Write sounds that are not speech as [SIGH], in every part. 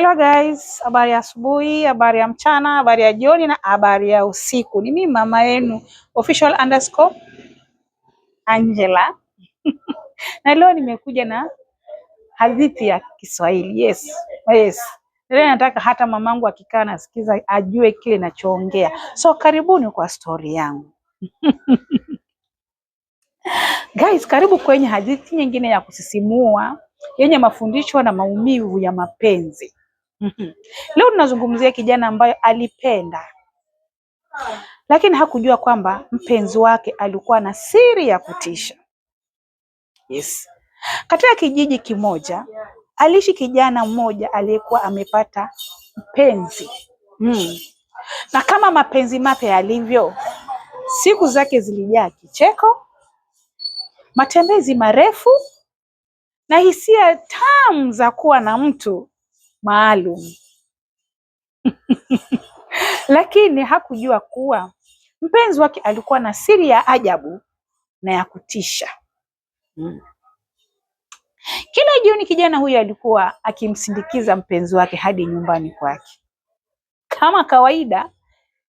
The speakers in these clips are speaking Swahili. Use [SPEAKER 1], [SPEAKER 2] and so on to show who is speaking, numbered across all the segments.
[SPEAKER 1] Hello guys, habari ya asubuhi, habari ya mchana, habari ya jioni na habari ya usiku. Ni mimi mama yenu official underscore Angela [LAUGHS] na leo nimekuja na hadithi ya Kiswahili. Yes, yes. Leo nataka hata mamangu akikaa nasikiza ajue kile nachoongea, so karibuni kwa stori yangu [LAUGHS] guys, karibu kwenye hadithi nyingine ya kusisimua yenye mafundisho na maumivu ya mapenzi. [LAUGHS] Leo tunazungumzia kijana ambaye alipenda lakini hakujua kwamba mpenzi wake alikuwa na siri ya kutisha. Yes. Katika kijiji kimoja aliishi kijana mmoja aliyekuwa amepata mpenzi mm. Na kama mapenzi mapya yalivyo, siku zake zilijaa kicheko, matembezi marefu na hisia tamu za kuwa na mtu maalum [LAUGHS] lakini hakujua kuwa mpenzi wake alikuwa na siri ya ajabu na ya kutisha. Hmm. Kila jioni kijana huyo alikuwa akimsindikiza mpenzi wake hadi nyumbani kwake. Kama kawaida,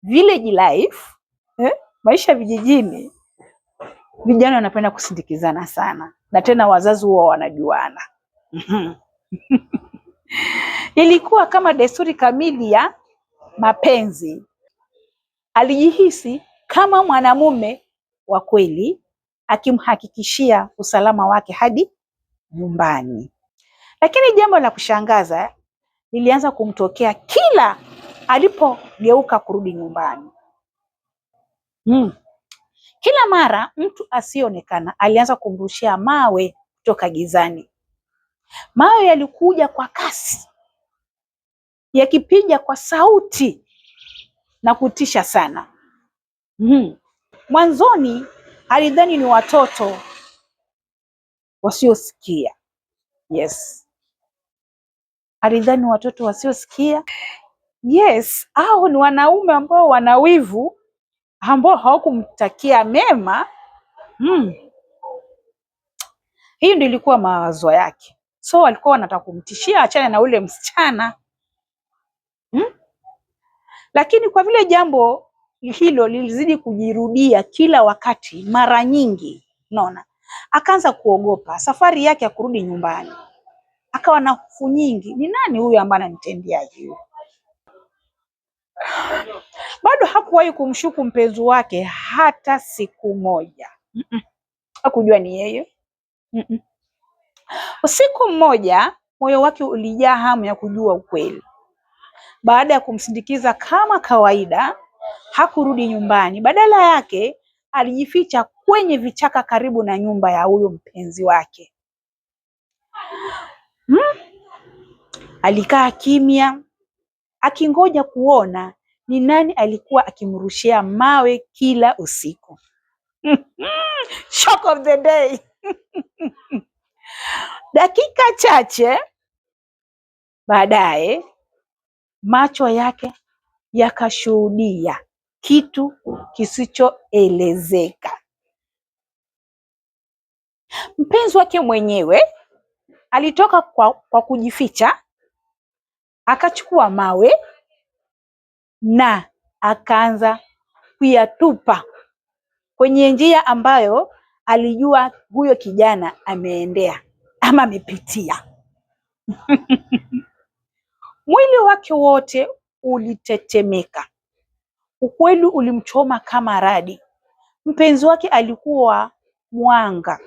[SPEAKER 1] village life, eh, maisha vijijini, vijana wanapenda kusindikizana sana, na tena wazazi huwa wanajuana [LAUGHS] Ilikuwa kama desturi kamili ya mapenzi. Alijihisi kama mwanamume wa kweli, akimhakikishia usalama wake hadi nyumbani. Lakini jambo la kushangaza lilianza kumtokea kila alipogeuka kurudi nyumbani. Hmm. Kila mara mtu asiyeonekana alianza kumrushia mawe kutoka gizani. Mawe yalikuja kwa kasi yakipiga kwa sauti na kutisha sana. Mm. Mwanzoni alidhani ni watoto wasiosikia. Yes, alidhani watoto wasiosikia. Yes, au ni wanaume ambao wana wivu ambao hawakumtakia mema. Mm. Hiyo ndio ilikuwa mawazo yake. So walikuwa wanataka kumtishia achane na ule msichana hmm? Lakini kwa vile jambo hilo lilizidi kujirudia kila wakati, mara nyingi, unaona, akaanza kuogopa safari yake ya kurudi nyumbani, akawa na hofu nyingi, ni nani huyu ambaye ananitendea hivi? Bado hakuwahi kumshuku mpenzi wake hata siku moja. Mm -mm. Hakujua ni yeye. Mm -mm. Usiku mmoja, moyo wake ulijaa hamu ya kujua ukweli. Baada ya kumsindikiza kama kawaida, hakurudi nyumbani. Badala yake, alijificha kwenye vichaka karibu na nyumba ya huyo mpenzi wake. Hmm? Alikaa kimya akingoja kuona ni nani alikuwa akimrushia mawe kila usiku. [LAUGHS] Shock of the day. [LAUGHS] Dakika chache baadaye macho yake yakashuhudia kitu kisichoelezeka. Mpenzi wake mwenyewe alitoka kwa, kwa kujificha akachukua mawe na akaanza kuyatupa kwenye njia ambayo alijua huyo kijana ameendea ama amepitia. Mwili wake wote ulitetemeka, ukweli ulimchoma kama radi. Mpenzi wake alikuwa mwanga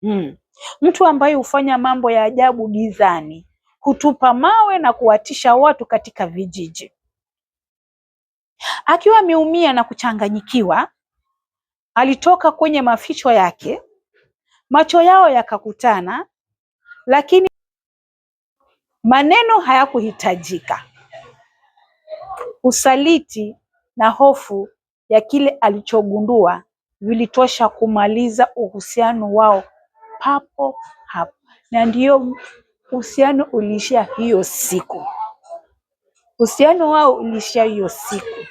[SPEAKER 1] hmm. mtu ambaye hufanya mambo ya ajabu gizani, hutupa mawe na kuwatisha watu katika vijiji. Akiwa ameumia na kuchanganyikiwa, alitoka kwenye maficho yake, macho yao yakakutana, lakini maneno hayakuhitajika. Usaliti na hofu ya kile alichogundua vilitosha kumaliza uhusiano wao papo hapo, na ndiyo uhusiano uliishia hiyo siku. Uhusiano wao uliishia hiyo siku. [LAUGHS]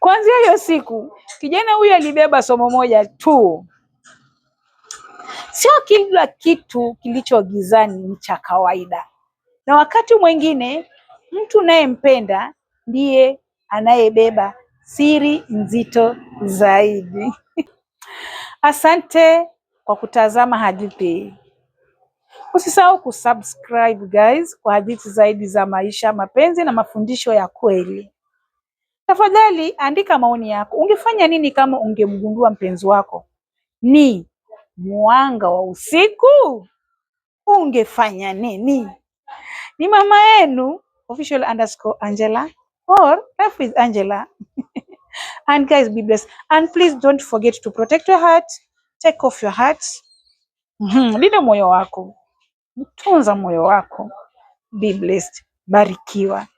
[SPEAKER 1] Kuanzia hiyo siku kijana huyo alibeba somo moja tu. Sio kila kitu kilicho gizani ni cha kawaida, na wakati mwingine mtu unayempenda ndiye anayebeba siri nzito zaidi. [LAUGHS] Asante kwa kutazama hadithi hii. Usisahau kusubscribe guys, kwa hadithi zaidi za maisha, mapenzi na mafundisho ya kweli. Tafadhali andika maoni yako, ungefanya nini kama ungemgundua mpenzi wako? Ni mwanga wa usiku ungefanya nini? Ni mama yenu official underscore Angela or Life with Angela. [LAUGHS] And guys be blessed. And please don't forget to protect your heart, take off your heart. Hmm, linda moyo wako, mtunza moyo wako. Be blessed, barikiwa.